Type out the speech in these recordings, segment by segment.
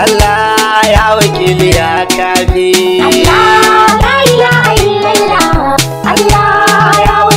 Allah ya wakili ya kafi Allah la ilaha illallah Allah ya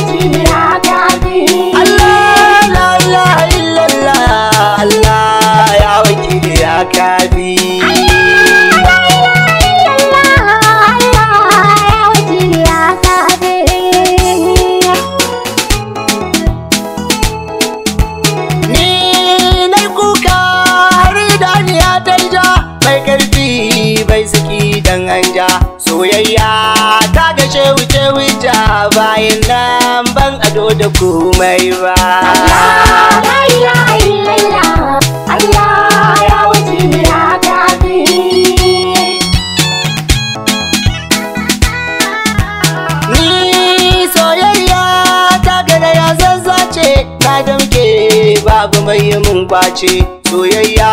kwace soyayya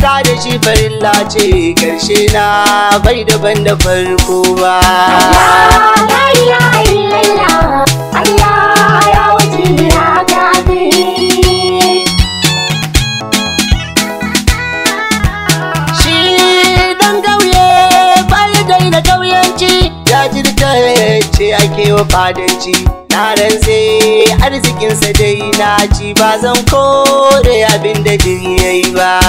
ta dashi farin farilla ce karshe na bai daban da farko ba Allah ya wuce ya ce ake wa fadanci na rantse arzikinsa dai na ji bazanko. abin da jiri ya yi ba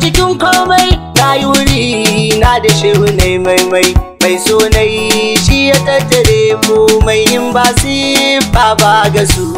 cikin komai na wuri na da shehu ne maimai mai so na shi ya tattare mu mai in ba ba ga gasu.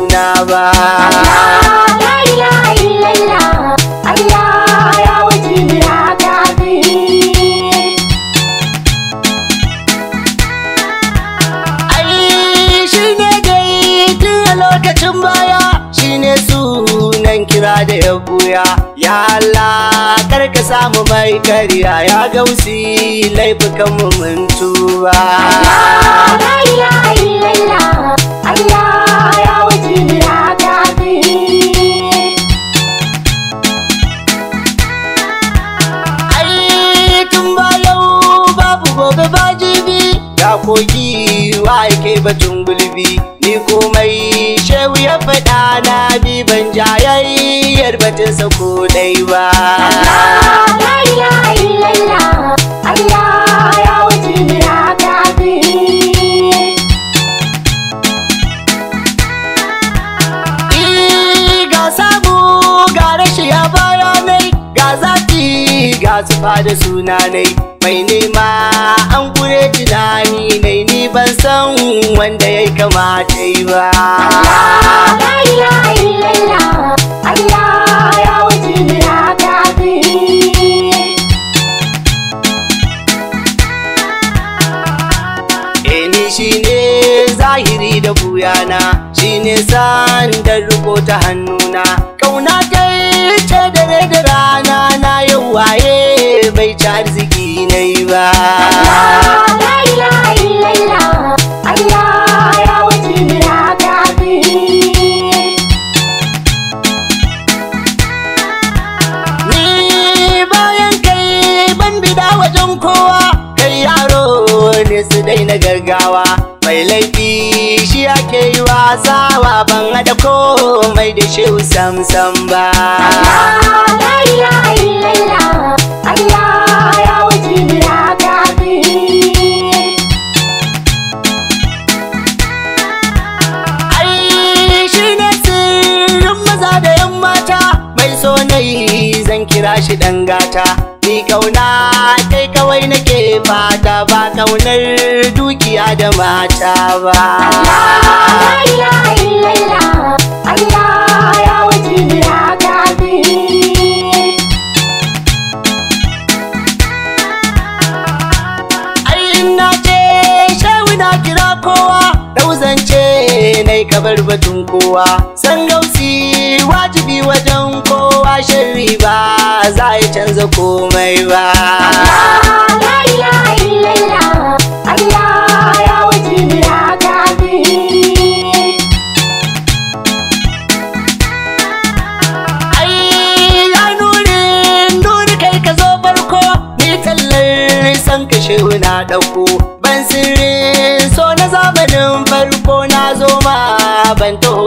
yi karya ya gausi laifukan mu mun tuba Allah la ilaha illallah Allah ya wakili ya gobe ba jibi ya kogi wa ake batun ba da suna nai mai nema an gure tunani nai ni ban san wanda ya kamata yi ba Allah eh, shine zahiri da buyana shine san da riko ta hannu mai da shehu sam sam ba Allah ya illallah Allah so wajibi ya zan kira shi dan gata ni kauna kai kawai nake fata ba kaunar dukiya da mata ba bar batun kowa san gausi wajibi wajen kowa sharri ba za ya canza komai ba Allah ya illallah Allah ya wajibi ya san kashe na ɗauko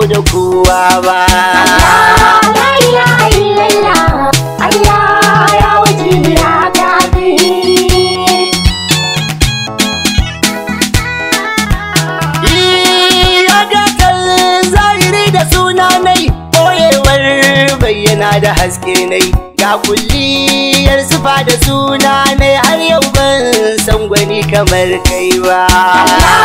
da kowa ba Allah ya illallah Allah ya wajira bayyana da haske nai ga kulliyar zufa da suna nai har yau ban san gwani kamar kai ba.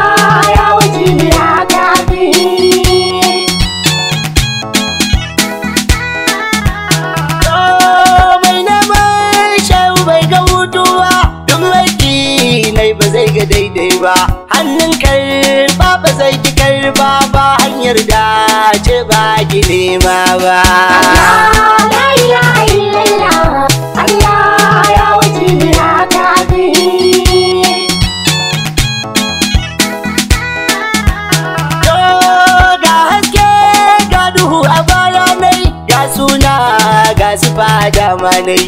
ya daidai ba hannun karba ba zai ji karba ba hanyar da ce ba ki nema ba Allah ya wuce ya kafin suna ga su fada manai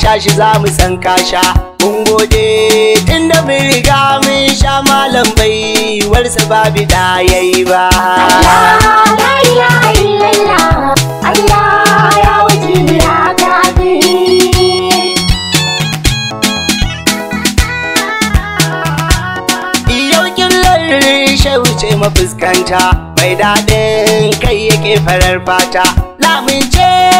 sha shi za mu san kasha mun gode tun da mun riga mun sha malam baiwarsa babu da yayi ba Allah wuce mafuskanta mai daɗin kai yake farar fata lamince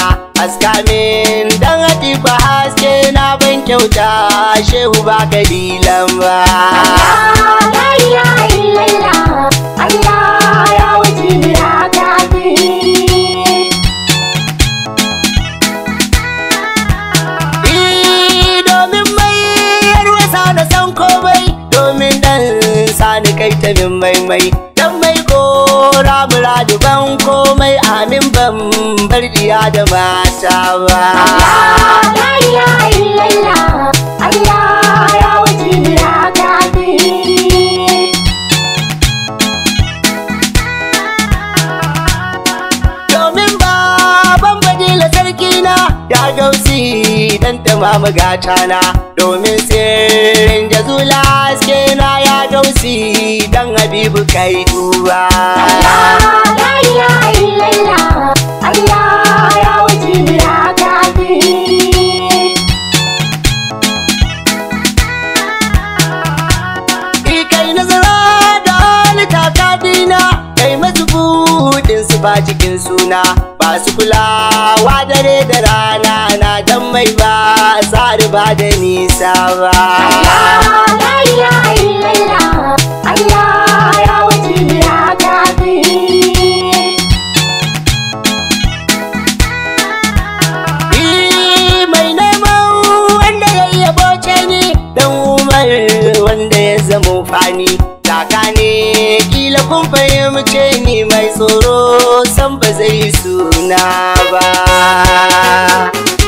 haska min dan hatifa haske na ban kyauta shehu ba kalilan ba Allah eh, ya illallah domin ɗan sani kai ta min maimai dan mai ko gora muradu ban komai amin ban bar diya da mata ba Allah ya illallah Allah ya wuce biraka dan dumama gatana domin sirrin jazula haske na ya gausi dan habibu kai duba Allah ya illallah Allah ya wuce ya kafi na kai masu budin su ba cikin suna masu kulawa dare da rana na dan mai ba tsari ba da nisa ba Allah ya wuce ya gafi wanda ya zama fani kaka ne kila kun fahimce ni mai tsoro san ba zai suna ba